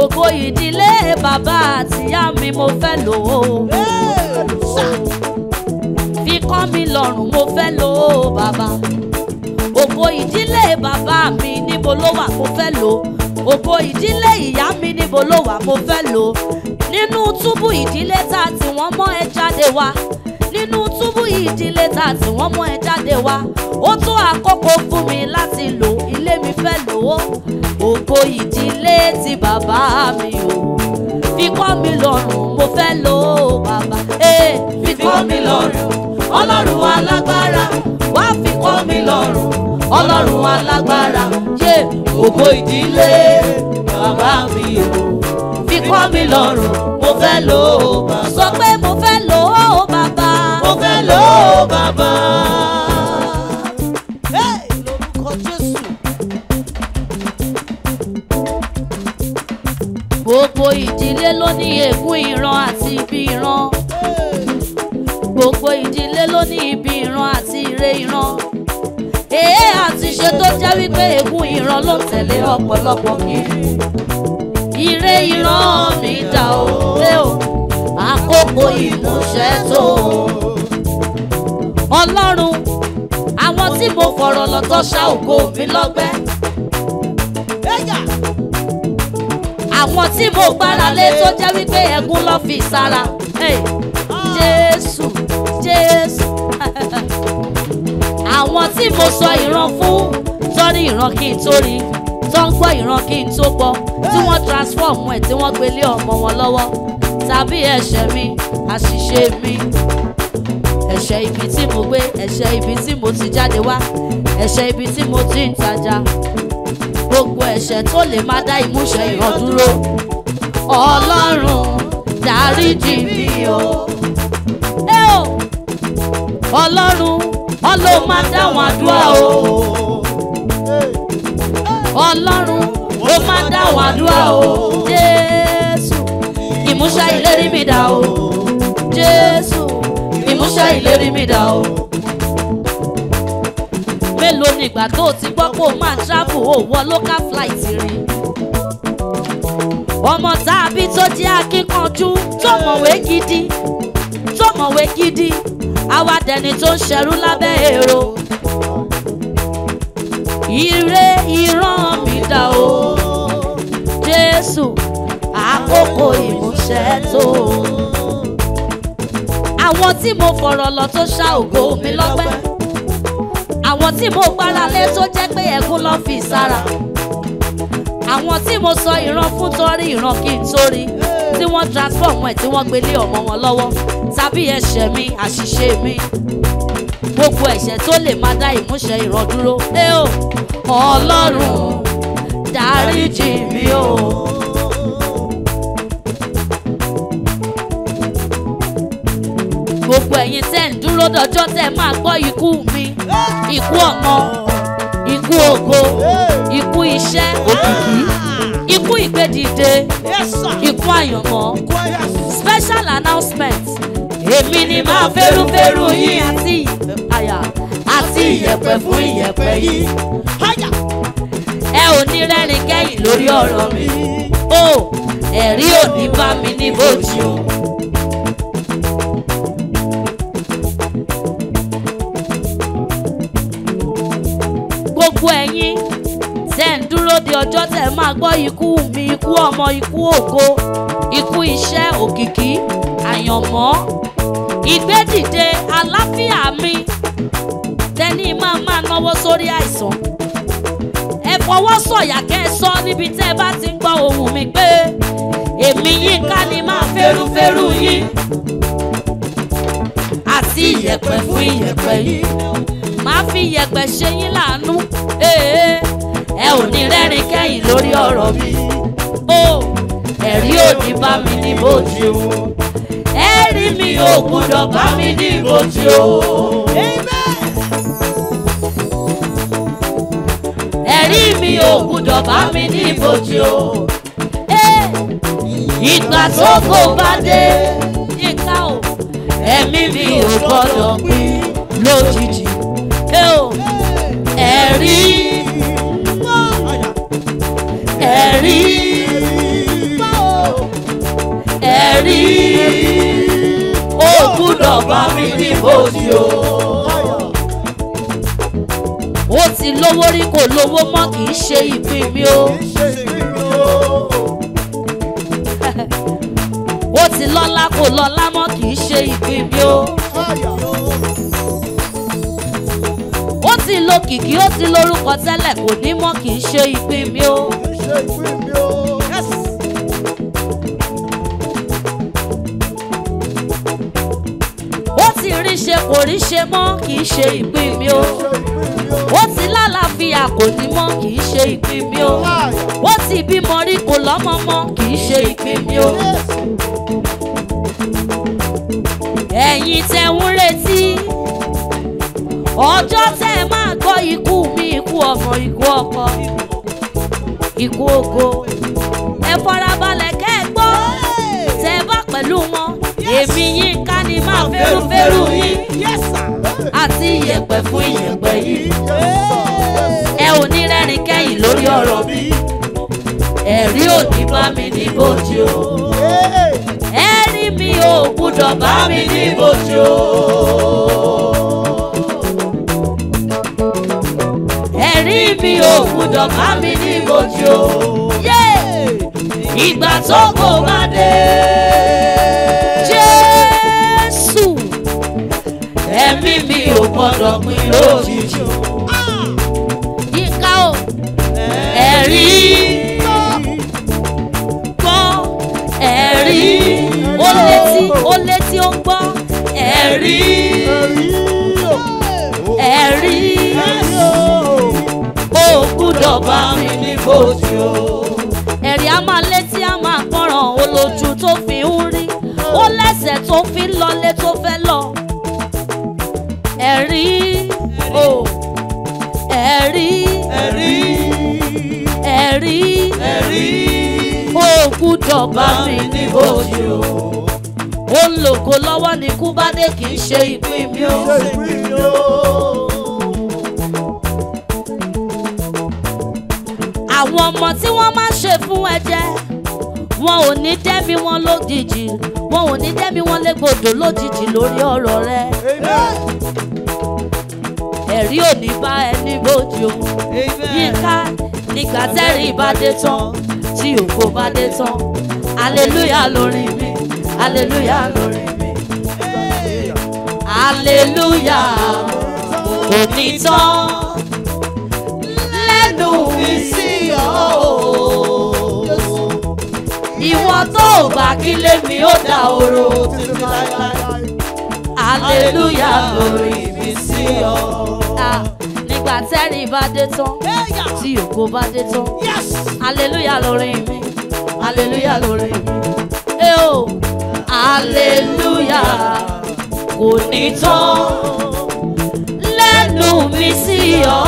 Oko ìdílé bàbá àtìyá mi mo fẹ́ lò ó. fi kọ́ mi lọ́rùn mo fẹ́ lò ó bàbá. ògo ìdílé bàbá mi níbo ló wà mo fẹ́ lò ó. ògo ìdílé ìyá mi níbo ló wà mo fẹ́ lò ó. nínú túbú ìdílé tá a tì wọ́n mọ́ ẹ jáde wá nínú túbú ìdílé tá a tì wọ́n mọ́ ẹ jáde wá ó tó àkókò fún mi láti lò ilé mi fẹ́ lò ó ògo ìdílé ti bàbá mi o fi kọ́ mi lọ́rùn mo fẹ́ lọ bàbá ee eh, fi kọ́ mi lọ́rùn ọlọ́run alágbára wá fi kọ́ mi lọ́rùn ọlọ́run alágbára yé ògo ìdílé bàbá mi o fi kọ́ mi lọ́rùn mo fẹ́ lọ bàbá sọ pé mo fẹ́ lọ bàbá mo fẹ́ lọ bàbá. gbogbo ìdílé ló ní ègún ìran àti ibi ìran gbogbo ìdílé ló ní ibi ìran àti ire ìran èé àti ṣe tó jẹ́ wípé ègún ìran ló tẹ̀lé ọ̀pọ̀lọpọ̀ yẹn ire ìran mi dà ó lé o àkókò ìmúṣẹ tó o ọlọ́run àwọn tí mo fọ̀rọ̀ lọ́tọ́ ṣá ògo mi lọ́gbẹ́. àwọn tí mo gbára lé tó jẹ́ wípé ẹ̀gún ló fi sára jésù jésù àwọn tí mo sọ ìran fún torí ìran kí n tó rí tó ń gbọ́ ìran kí n tó gbọ́ tí wọ́n transform ẹ̀ tí wọ́n gbélé ọmọ wọn lọ́wọ́ tàbí ẹ̀ṣẹ̀ mi àṣìṣe mi ẹ̀ṣẹ̀ ibi tí mo gbé ẹ̀ṣẹ̀ ibi tí mo ti jáde wá ẹ̀ṣẹ̀ ibi tí mo ti ń tajà gbogbo ẹ̀ṣẹ̀ tó lè má dá ìmúṣẹ ìran dúró ọlọ́run dáríjì mi o ọlọ́run ọlọ́run máa dáhùn àdúrà o ọlọ́run ó máa dáhùn àdúrà o jésù ìmúṣẹ ìlérí mi dà o jésù ìmúṣẹ ìlérí mi dà o mélòó nígbà tó o ti gbọ́ pé o máa travel o wọ local flight rí. ọmọ tàbí tó jẹ́ akíkanjú tó mọ̀wé gidi tó mọ̀wé gidi àwa dẹni tó ń ṣẹrú lábẹ́ èrò. ire ìran mi dà o Jésù àkókò ìmúṣẹ tó àwọn tí mo fọ̀rọ̀ lọ tó ṣá ògo mi lọ́pẹ́ àwọn tí mo gbára lé tó jẹ́ pé ẹ̀gún ló fi sára àwọn tí mo sọ ìran fún torí ìran kí n torí tí wọ́n transform ẹ̀ tí wọ́n gbélé ọmọ wọn lọ́wọ́ tàbí ẹ̀ṣẹ̀ mi àṣìṣe mi gbogbo ẹ̀ṣẹ̀ tó lè máa dá ìmúṣẹ ìran dúró ẹ o ọlọ́run dáríjì mi o. gbogbo ẹ̀yin tẹ́ ń dúró dọjọ́ tẹ́ máa gbọ́ ikú mi ikú ọ̀nà ikú ògo ikú iṣẹ́ òkìkí ikú ìgbédìde ikú àyànmọ́ special announcement èmi ni máa fẹ́rúfẹ́rú yín àti àyà àti ìyẹ̀pẹ̀ fún ìyẹ̀pẹ̀ yìí ẹ ò ní rẹ́rìn kẹ́yìn lórí ọ̀rọ̀ mi ó ẹ̀rí ò ní bá mi níbòjì o. di ọjọ́ tẹ̀ máa gbọ́ ikú mi ikú ọmọ ikú ògo ikú iṣẹ́ òkìkí àyànmọ́ ìgbédìde àlàáfíà mi tẹ́ni máa máa náwó sórí àìsàn ẹ fọwọ́ sọ̀yà kẹ́ ẹ sọ níbi tẹ́ ẹ bá ti ń gbọ́ ohùn mi pé èmi yín ká ni máa fẹ́rúfẹ́rú yín àti ìyẹ̀pẹ̀ fún ìyẹ̀pẹ̀ yín máa fi ìyẹ̀pẹ̀ ṣe yín láàánú. Hey, hey ẹ ò ní rẹ́rìn kẹ́yìn lórí ọ̀rọ̀ mi ó ẹ̀rí ò ní bá mi ní bó ti wù ẹ̀rí mi ò gbúdọ̀ bá mi ní bó ti wù. ẹ̀rí mi ò gbúdọ̀ bá mi ní bó ti wù. ìgbà tó kò bá dé ìka ò ẹ̀mí mi ò gbọ́dọ̀ pín lójijì. Hey, oh. ó o. ó ti lówó rí kò lówó mọ́ kì í ṣe ìpín mi o. ó ti lọ́lá kò lọ́lá mọ́ kì í ṣe ìpín mi o. ó ti lo kìkì ó ti lórúkọ tẹ́lẹ̀ kò ní mọ́ kì í ṣe ìpín mi o. kò rí ṣe mọ́ kì í ṣe ìpín mi o ó ti lálàáfíà kò ní mọ́ kì í ṣe ìpín mi o ó ti bímọ rí kò lọ́mọ mọ́ kì í ṣe ìpín mi o. ẹ̀yin tẹ̀ ń retí ọjọ́ tẹ́ ẹ máa gbọ́ ikú mi ikú ọmọ ikú ọkọ ikú ogo ẹ farabalẹ̀ èmi yín ká ní máa fẹ́rùfẹ́rù yín àti iyẹ̀pẹ̀ fún iyẹ̀pẹ̀ yín ẹ ò ní rẹ́rìn kẹ́yìn lórí ọ̀rọ̀ mi ẹ̀rí ò ní bá mi ní bójú o ẹ̀rí mi ò gbúdọ̀ bá mi ní bójú o. ẹ̀rí mi ò gbúdọ̀ bá mi ní bójú o. ìgbà tó kò bá dé. gbọ́dọ̀ pín lójijì o. yíká o ẹ̀rí gbọ́ ẹ̀rí ó létí ó létí ó ń gbọ́ ẹ̀rí ẹ̀rí ó gbúdọ̀ bá mi ní bòjú o. ẹ̀rí a máa létí a máa gbọ́ràn olójú tó fi ń rí ó lẹ́sẹ̀ tó fi ń lọlé tó fẹ́ ẹ̀rí ẹ̀rí òkú dọ̀gba mi ní bòjì o ó ń lògo lọ́wọ́ ní kúbádé kì í ṣe ìpín mi ó. àwọn ọmọ tí wọ́n máa ṣe fún ẹ jẹ́ wọn ò ní dẹ́mi wọn lójijì wọn ò ní dẹ́mi wọn légbodò lójijì lórí ọ̀rọ̀ rẹ. ẹ̀rí ò ní bá ẹni bójú o yínká nígbà tẹ́rìn bá dé tán tí ògo bá dé tán aleluya lórí mi aleluya lórí mi aleluya kò ní tán lẹ́nu mi sí ọ ìwọ tó o bá kílé mi ó dá oró aleluya lórí mi sí ìgbà tẹ́rìn bá dé tán tí ògo bá dé tán aleluya lórin mi aleluya lórin mi ẹ o oh. aleluya kò ní tán lẹ́nu mi sí ọ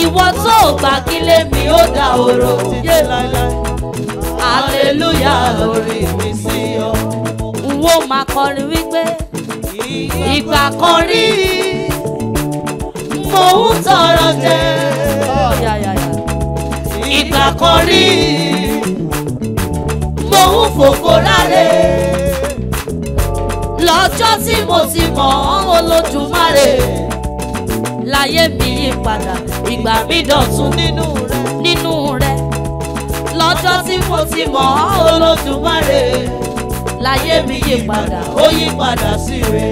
ìwọ tó gbà kí lèmi ó dá oró yé aleluya lórin mi sí ọ. n ó máa kọrin wípé ìgbà kan rí i mò ń tọrọ jẹ ìgbà kan rí mò ń fòfò lọ́jọ́ tí mo ti mọ̀ ọ́n Olódùmarè láyé mi yí padà ìgbà mi dọ̀tun nínú rẹ nínú rẹ lọ́jọ́ tí mo ti mọ̀ ọ́n Olódùmarè láyé mi yí padà ó yí padà sí rẹ.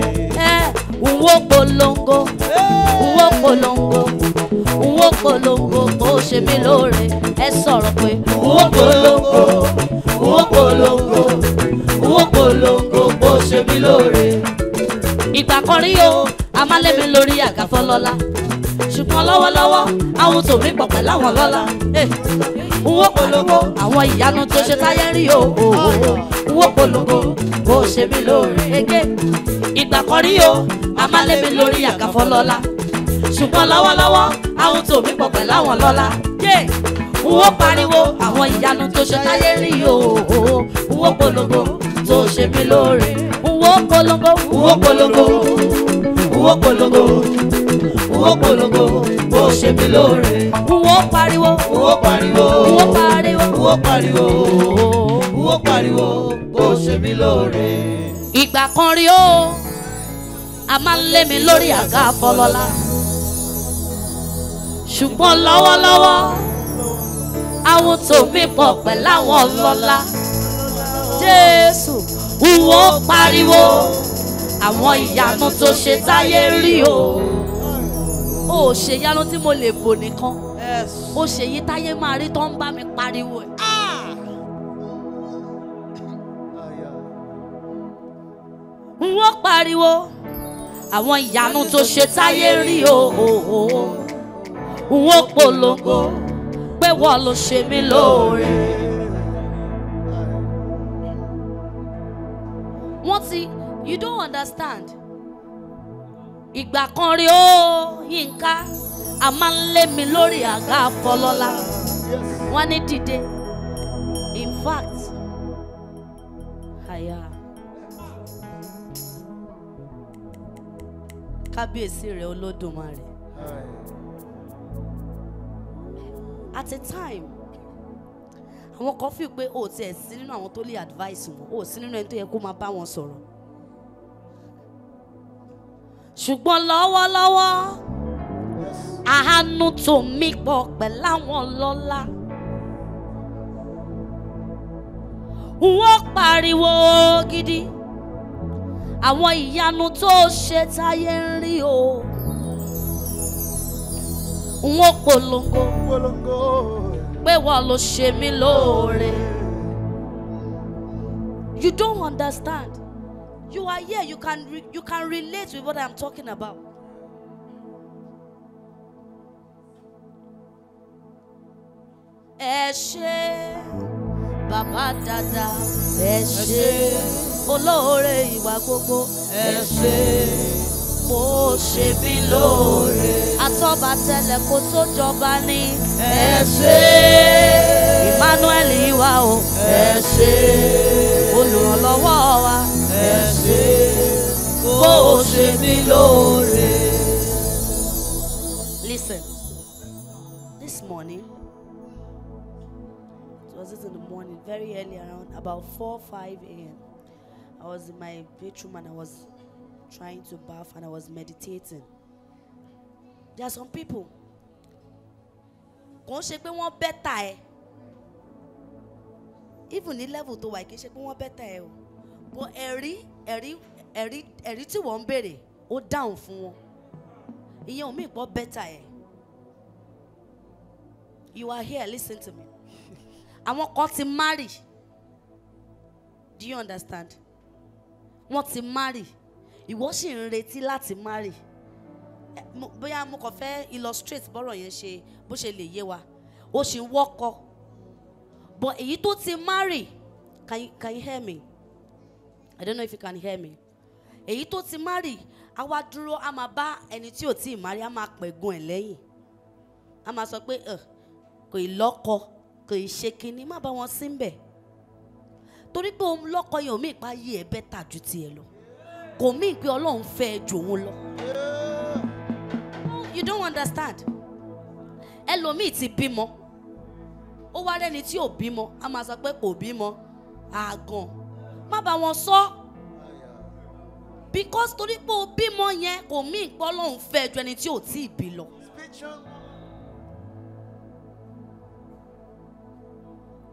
Uwo ó polongo n ó polongo n ó polongo kó o ṣe mí lóore ẹ sọ̀rọ̀ pé n ó polongo n polongo n polongo kó o ṣe mí lóore. ìgbà kan rí o a máa lé mi lórí àgàfọ́lọ́lá ṣùgbọ́n lọ́wọ́lọ́wọ́ àwọn tòmí pọ̀ pẹ̀lú àwọn lọ́la eh, owó polongo àwọn ìyanu tó ṣe táyé rí o owó polongo kò ṣe mí lóore. ìgbà kan rí o amálẹ́mi lórí àgàfọ́lọ́lá ṣùgbọ́n lọ́wọ́lọ́wọ́ àwọn tòmí pọ̀ pẹ̀lú àwọn lọ́lá n ó pariwo àwọn ìyanu tó ṣe táyé rí o n ó polongo tó ṣe mí lóore n ó polongo n ó polongo n ó polongo n ó polongo bó ṣe mí lóore n pariwo n pariwo n pariwo n pariwo n pariwo bó ṣe mí lóore. ìgbà kan rí o a máa ń lé mi lórí àga afọlọ́lá ṣùgbọ́n lọ́wọ́lọ́wọ́ àwọn tó mi pọ̀ pẹ̀láwọn ọlọ́lá Jésù wúwo pariwo àwọn ìyanu tó ṣe táyé rí o ó ṣe ìyanu tí mo lè bò nìkan ó ṣe èyí táyé máa rí tó ń bá mi pariwo ẹ̀. n pariwo àwọn ìyanu tó ṣe táyé rí o n ó polongo pé wọ́n ló ṣe mí lóore. wọ́n ti you don't understand ìgbà kan rí ó Yínká a máa ń lé mi lórí àga Afọlọ́lá wọ́n ní dìde in fact àyà. Yeah. kábíyèsí rẹ olódùmarè. at a time àwọn kan fi pé o tiẹ̀ sí nínú àwọn tó lè advice wọn o sí nínú ẹni tó yẹ kó máa bá wọn sọ̀rọ̀ ṣùgbọ́n lọ́wọ́lọ́wọ́ àánú tó mí pọ̀ pẹ̀láwọn lọ́lá wọ́n pariwo gidi àwọn ìyanu tó ṣe táyé ń rí o n ó polongo pé wọ́n ló ṣe mí lóore. You don't understand. You are here. You can you can relate with what I'm talking about. Ẹ ṣé bàbá dada ẹ ṣé olóore ìwà gbogbo ẹ ṣé mo ṣe bí lóore atọ́ba tẹlẹ̀ kó tó jọba ní ẹ ṣé Emmanuel ìwà o ẹ ṣé olùrànlọ́wọ́ wa ẹ ṣé mo ṣe bí lóore. Listen, this morning. classes in the morning, very early around about 4 5 a.m. I was in my bedroom and I was trying to bath and I was meditating. There are some people. kò ń ṣe pé even ní level tó wà kì í ṣe pé wọ́n bẹ́tà but ẹ̀rí ẹ̀rí ẹ̀rí ẹ̀rí tí wọ́n ń ó down fún wọn ìyẹn mí bo better eh? you are here listen to me àwọn kan ti marry do you understand wọ́n ti marry ìwọ sì ń retí láti marry bóyá mo kàn fẹ́ illustrate bọ́rọ̀ yẹn ṣe bó ṣe lè yé wa ó sì ń wọ́kọ but èyí tó ti marry can you, can you hear me I don't know if you can hear me èyí tó ti marry a wá dúró a máa bá ẹni tí ò tí ì marry a máa pẹ̀gùn ẹ̀ lẹ́yìn a máa sọ pé kò ì lọ́kọ kò ì ṣe kinní má bá wọn sí ń bẹ̀ torí pé òun lọ́kọ yẹn òmíì pa yí ẹ bẹ́tà ju tiẹ̀ lọ kò míì pé ọlọ́run fẹ́ ẹ jù lọ you don't understand ẹlòmíì ti bímọ ó wá rẹ́ni tí ò bímọ a máa sọ pé kò bímọ àgàn má bá wọn sọ because torí pé o bímọ yẹn kò míì pé ọlọ́run fẹ́ ẹ ju ẹni tí ò tí ì bí lọ.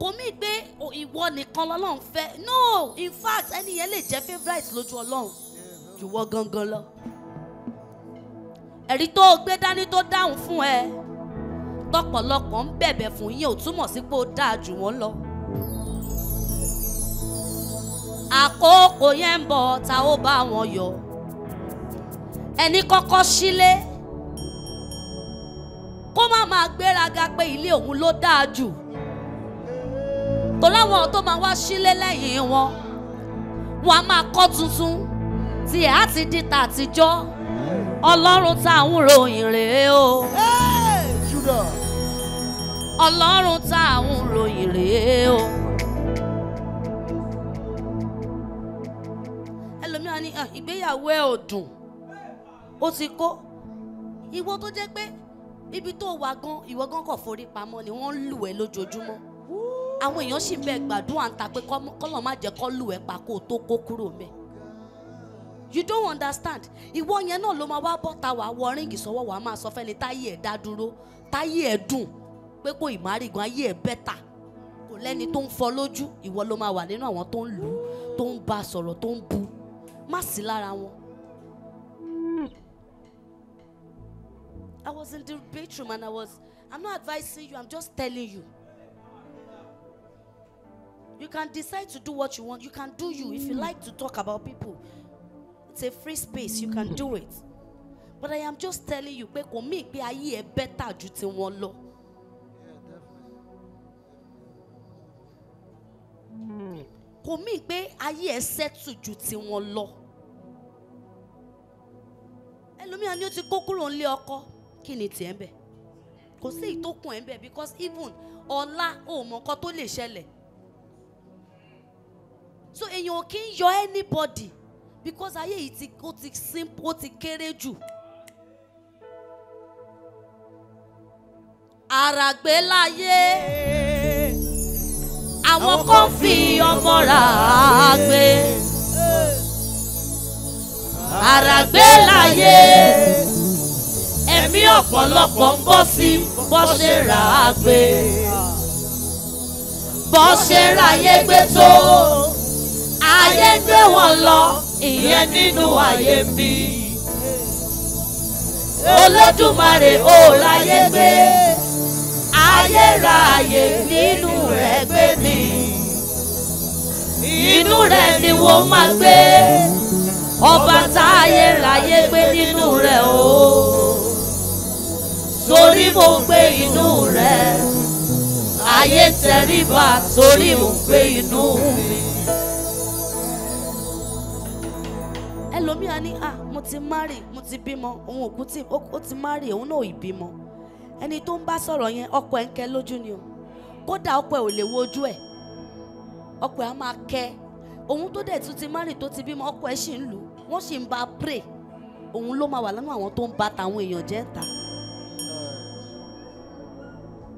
kò mí pé ìwọ nìkan lọ́lọ́run fẹ́ no in fact ẹni yẹn lè jẹ́ favourite lójú ọlọ́run jùwọ́ gangan lọ ẹ̀rí tó o gbé dání tó dáhùn fún ẹ tọ̀pọ̀lọpọ̀ ń bẹ̀bẹ̀ fún yín ò túmọ̀ sí pé ó dáa jù wọ́n lọ. àkókò yẹn ń bọ̀ ta ó bá wọn yọ ẹni kọ́kọ́ sílé kó má máa gbéraga pé ilé òun ló dáa jù torí àwọn tó máa wá sílé lẹ́yìn wọn wọn a máa kọ́ tuntun tí ẹ̀ á ti di ta àtijọ́ ọlọ́run tá à ròyìn rèé o ọlọ́run tá à ń ròyìn rèé o. ẹlòmíràn ní ah, ìgbéyàwó ẹ ò dùn ó ti kó ìwọ tó jẹ́ pé ibi tó wà gan ìwọ gan kò forí pamọ́ ni wọ́n lù ẹ́ lójoojúmọ́ àwọn èèyàn sì ń bẹ gbàdúrà ń ta pé kọ́lọ̀ má jẹ́ kọ́ lù ẹ́ pa kó o tó kó kúrò mẹ́ you don't understand ìwọ yẹn náà ló máa wá bọ́ta wàá wọ ríǹgì sọ́wọ́ wàá máa sọ fẹ́ni táyé ẹ̀ dá dúró táyé ẹ̀ dùn pé kò ìmárìgàn ayé ẹ̀ bẹ́tà kò lẹ́ni tó ń fọ lójú ìwọ ló máa wà nínú àwọn tó ń lù ú tó ń ba sọ̀rọ̀ tó ń bu má sí lára wọn. I was in the bedroom and I was I'm not advising you I'm just telling you. You can decide to do what you want. You can do you. If you like to talk about people, it's a free space. You can do it. But I am just telling you, pé kò mí pé ayé ẹ better ju ti wọn lọ. Kò mí pé ayé ẹ settle ju ti wọn lọ. Ẹlòmíràn ni ó ti kó kúrò nílé ọkọ. Kí ni tiẹ̀ ń bẹ̀? Kò sí ìtókùn ẹ̀ because even ọ̀la o mọ̀ nǹkan tó lè ṣẹlẹ̀ èèyàn ò kí ń yọ anybody because ayé yìí ti ó ti simple ó ti kéré jù. àràgbé láyé àwọn kan fi ọmọ rà á gbé. àràgbé láyé ẹ̀mí ọ̀pọ̀lọpọ̀ ń bọ́ sí bọ́ ṣe rà á gbé. bọ́ ṣe ráyé gbé tó ayé gbé wọn lọ ìyẹn nínú ayé ń bí. olódùmarè ò láyé gbé ayé ra ayé nínú rẹ̀ gbé mi. inú rẹ̀ ni wọ́n máa gbé ọba táyé ráyé gbé nínú rẹ̀ o. torí mo gbé inú rẹ̀ ayé tẹríba torí mo gbé inú mi. ẹlòmíà ní à ah, mo ti márì mo ti bímọ òun òkú tí ó ti márì òun náà ì bímọ ẹni tó ń bá sọ̀rọ̀ yẹn ọkọ ẹ̀ ń kẹ lójú ni o kódà ọkọ ẹ̀ ò lè wojú ẹ̀ ọkọ ẹ̀ á máa kẹ òun tó dẹ̀ tún ti márì tó ti bímọ ọkọ ẹ̀ sì ń lù wọ́n sì ń bá pray òun ló máa wà lánàá àwọn tó ń ba tàwọn èèyàn jẹ́ ta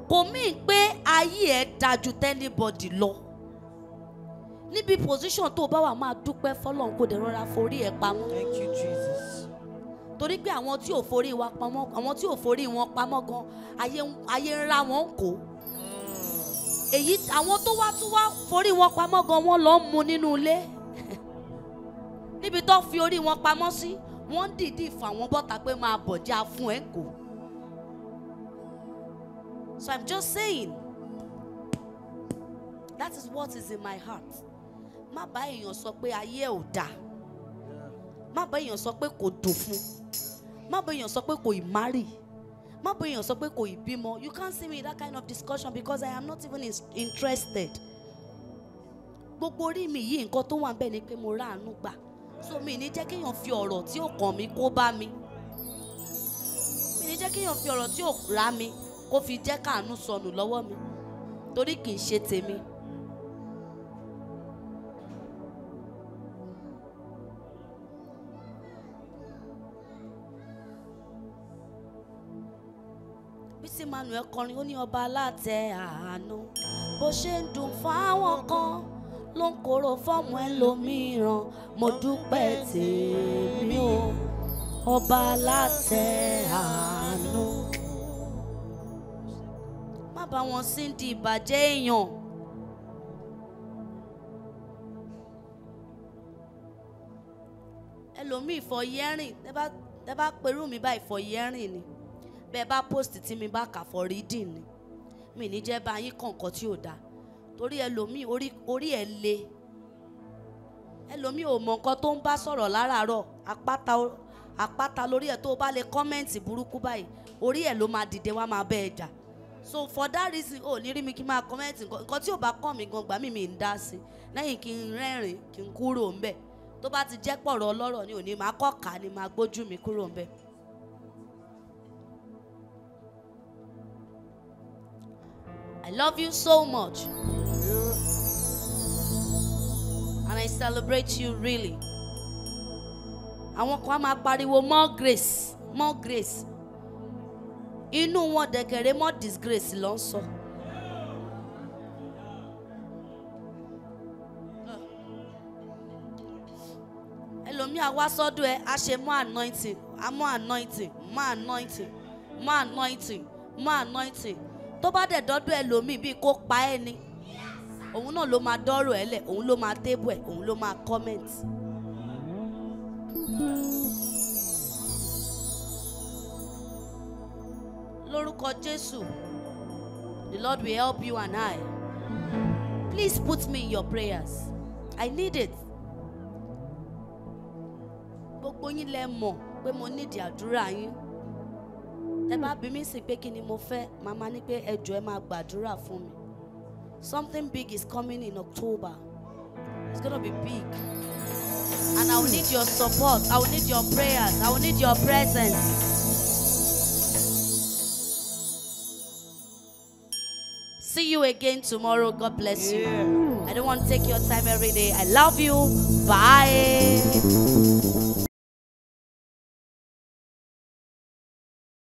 kò mí pé ayé ẹ̀ dájú tẹ́nibọ̀dì lọ níbi position tó o bá wà máa dúpẹ́ fọlọ́run kò dé rọra forí ẹ̀ pamọ́. thank you jesus. torí pé àwọn tí ò forí wa pamọ́ àwọn tí ò forí wọn pamọ́ gan ayé ayé ńlá wọn ń kó. èyí àwọn tó wá tún wá forí wọn pamọ́ gan wọ́n lọ ń mu nínú ilé níbi tó fi orí wọn pamọ́ sí wọ́n ń dìídì fà wọ́n bọ́ta pé máa bọ̀já fún ẹ̀ kò. so i'm just saying that is what is in my heart má bá èèyàn sọ pé ayé ẹ̀ ò dáa má bá èèyàn sọ pé kò dùn fún má bá èèyàn sọ pé kò ì marry má bá èèyàn sọ pé kò ì you can't see me in that kind of discussion because I am not even interested gbogbo orí mi yìí nǹkan tó wà ń bẹ̀ ni pé mo ráàánú gbà so mi ní jẹ́ kéèyàn fi ọ̀rọ̀ tí ò kàn mí kó bá mi mi ní jẹ́ kéèyàn fi ọ̀rọ̀ tí ò rá mi kó fi jẹ́ káàánú sọnù lọ́wọ́ mi torí kì í ṣe tèmi. tí Emmanuel kọrin ó ní ọba aláàtẹ àánú bó ṣe ń dùn fáwọn kan ló ń kóró fọ́ọ̀mù ẹlòmíràn mo dúpẹ́ tèmi o ọba aláàtẹ àánú. má bá wọn sí di ìbàjẹ́ èèyàn. ẹlòmíì ìfọ̀yẹ́rìn tẹ́ bá pẹ̀lú mi bá ìfọ̀yẹ́rìn ni bẹ́ẹ̀ bá post tí mi bá kà for reading ni mi ní jẹ́ bá yín kọ̀ǹkan tí ò dáa torí ẹlòmíì orí ẹ̀ le ẹlòmíì ò mọ nǹkan tó ń bá sọ̀rọ̀ láràárọ̀ àpáta àpáta lórí ẹ̀ tó o bá lè kọ́mẹ̀ǹtì burúkú báyìí orí ẹ̀ ló máa dìde wá máa bẹ́ ẹ jà so for that reason ò ní rí mi kí n máa kọ́mẹ̀ǹtì nǹkan tí ò bá kàn mí gan gbà mí mi ń dá sí i lẹ́yìn kí n rẹ́rìn kí n kúrò ńbẹ̀ tó bá ti jẹ́ pọ̀rọ̀ ọlọ́rọ̀ ni ò ní máa kọ́ kà ni máa gbójú mi kúrò ńbẹ̀. I love you so much. And I celebrate you really. I want kan á máa with more grace more grace. You know what they dẹ̀kẹ̀rẹ̀ more disgrace ló ń sọ. Ẹlòmíà wá sọ́dọ̀ ẹ, a ṣe more anointing, a more anointing, more anointing, more anointing, more anointing tó bá dẹ̀ dọ́dọ̀ ẹlòmíì bíi kó pa ẹ́ ni òun náà ló máa dọ́rọ̀ ẹ lẹ̀ òun ló máa tébù ẹ̀ òun ló máa kọ́mẹ̀ntì. lórúkọ Jésù the Lord will help you and I please put me in your prayers I need it gbogbo yín lẹ mọ̀ pé mo nídìí àdúrà yín tẹ bá bí mi sì pé kí ni mo fẹ́ màmá ní pé ẹ ẹ máa gbàdúrà fún mi something big is coming in October it's gonna be big and I will need your support I will need your prayers I will need your presence. See you again tomorrow. God bless yeah. you. I don't want to take your time every day. I love you. Bye.